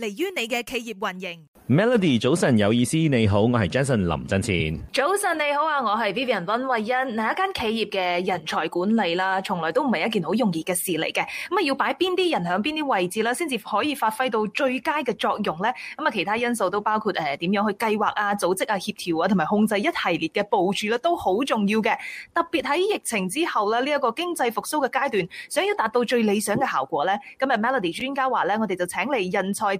嚟於你嘅企業運營，Melody 早晨有意思，你好，我係 Jason 林振前。早晨你好啊，我係 Vivian 溫慧欣。喺一間企業嘅人才管理啦，從來都唔係一件好容易嘅事嚟嘅。咁啊，要擺邊啲人喺邊啲位置啦，先至可以發揮到最佳嘅作用咧。咁啊，其他因素都包括誒，點樣去計劃啊、組織啊、協調啊，同埋控制一系列嘅部署啦，都好重要嘅。特別喺疫情之後啦，呢一個經濟復蘇嘅階段，想要達到最理想嘅效果咧，咁啊，Melody 專家話咧，我哋就請嚟人才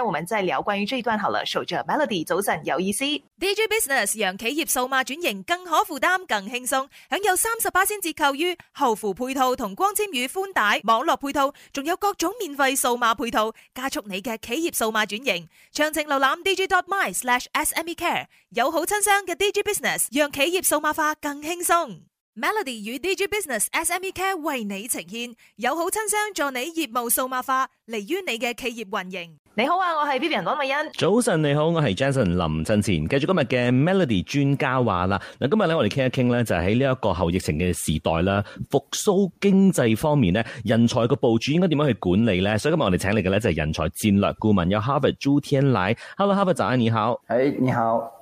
我們再聊關於這一段好了。守着 Melody 早晨有意思。Digi Business 讓企業數碼轉型更可負擔、更輕鬆，享有三十八仙折扣。於後付配套同光纖與寬帶網絡配套，仲有各種免費數碼配套，加速你嘅企業數碼轉型。詳情瀏覽 Digi dot my slash SME Care，友好親商嘅 Digi Business 讓企業數碼化更輕鬆。Melody 與 Digi Business SME Care 為你呈現友好親商，助你業務數碼化，利於你嘅企業運營。你好啊，我係 B B 人梁美恩。早晨，你好，我是 Jason 林振前。繼續今日嘅 Melody 專家話啦，嗱，今日咧我哋傾一傾咧就係喺呢一個後疫情嘅時代啦，復甦經濟方面咧，人才個部署應該點樣去管理呢？所以今日我哋請嚟嘅咧就是人才戰略顧問有 Harvard 朱天來。Hello，Harvard，早安，你好。誒，hey，你好。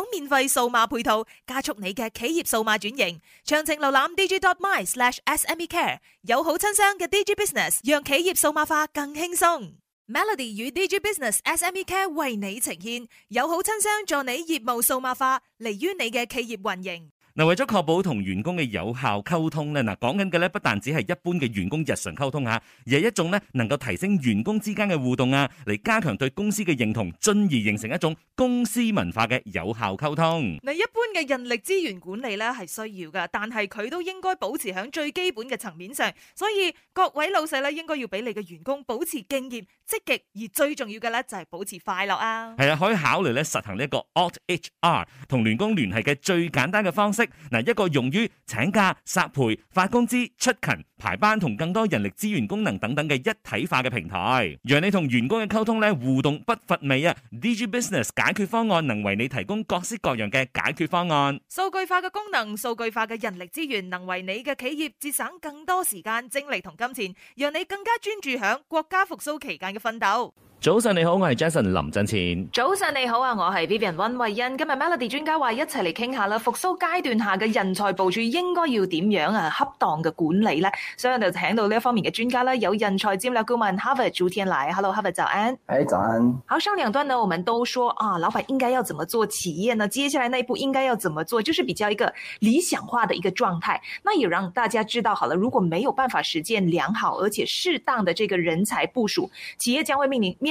免費數碼配套，加速你嘅企業數碼轉型。詳情瀏覽 digi.my/smecare，友好親商嘅 Digi Business，讓企業數碼化更輕鬆。Melody 與 Digi Business SME Care 為你呈現友好親商，助你業務數碼化，利於你嘅企業運營。嗱，為咗確保同員工嘅有效溝通咧，嗱，講緊嘅咧，不但只係一般嘅員工日常溝通吓，而係一種咧能夠提升員工之間嘅互動啊，嚟加強對公司嘅認同，進而形成一種公司文化嘅有效溝通。嗱，一般嘅人力資源管理咧係需要噶，但係佢都應該保持響最基本嘅層面上。所以各位老細咧，應該要俾你嘅員工保持敬業、積極，而最重要嘅咧就係保持快樂啊。係啊，可以考慮咧實行呢一個 Out HR 同員工聯繫嘅最簡單嘅方式。嗱，一個用於請假、撒賠、發工資、出勤、排班同更多人力資源功能等等嘅一體化嘅平台，讓你同員工嘅溝通咧互動不乏味啊。Digi Business 解決方案能為你提供各式各樣嘅解決方案，數據化嘅功能，數據化嘅人力資源能為你嘅企業節省更多時間、精力同金錢，讓你更加專注響國家復甦期間嘅奮鬥。早上你好，我係 Jason 林振前。早上你好啊，我係 Vivian 溫慧欣。今日 Melody 專家話一齊嚟傾下啦，復甦階段下嘅人才部署應該要點樣啊？恰當嘅管理咧，所以我就請到呢一方面嘅專家啦，有人才戰略顧問 Harvard 朱天來，Hello Harvard，早安。誒，早安。好，上兩段呢，我們都說啊，老闆應該要怎麼做企業呢？接下來那一步應該要怎麼做？就是比較一個理想化的一個狀態。那也讓大家知道好了，如果沒有辦法實踐良好而且適當的這個人才部署，企業將會面臨面。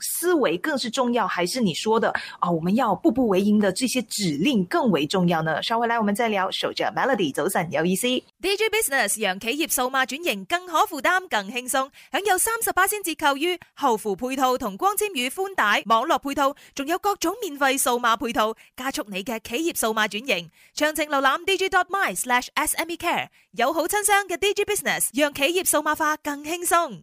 思維更是重要，還是你說的啊？我們要步步為營的這些指令更為重要呢？稍後來我們再聊。守着 melody 走散，有意思。DJ business 讓企業數碼轉型更可負擔、更輕鬆，享有三十八仙折扣於後付配套同光纖與寬帶網絡配套，仲有各種免費數碼配套，加速你嘅企業數碼轉型。詳情瀏覽 DJ dot my slash SME care，友好親商嘅 DJ business 讓企業數碼化更輕鬆。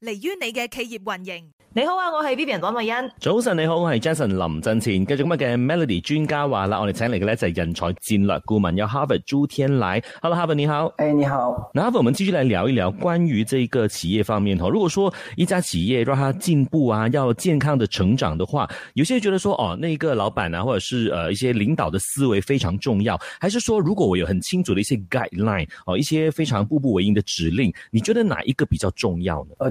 利於你嘅企業運營。你好啊，我係 Vivian 汪慧欣。早晨，你好，我係 Jason 林振前。繼續今日嘅 Melody 專家話啦，來我哋請嚟嘅咧就係人才戰略顧問要 Harvard 朱天來。Hello，Harvard 你好。誒、hey,，你好。那 Harvard，我們繼續來聊一聊關於這個企業方面哦。如果說一家企業讓佢進步啊，要健康的成長的話，有些人覺得說，哦，那個老闆啊，或者是呃一些領導的思維非常重要，還是說，如果我有很清楚的一些 guideline，哦、呃，一些非常步步為營的指令，你覺得哪一個比較重要呢？呃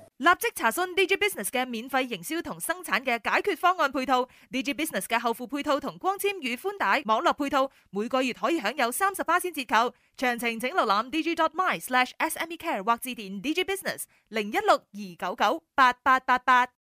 立即查詢 Digi Business 嘅免費營銷同生產嘅解決方案配套，Digi Business 嘅後付配套同光纖與寬帶網絡配套，每個月可以享有三十巴仙折扣。詳情請瀏覽 Digi.my/smecare 或致電 Digi Business 零一六二九九八八八八。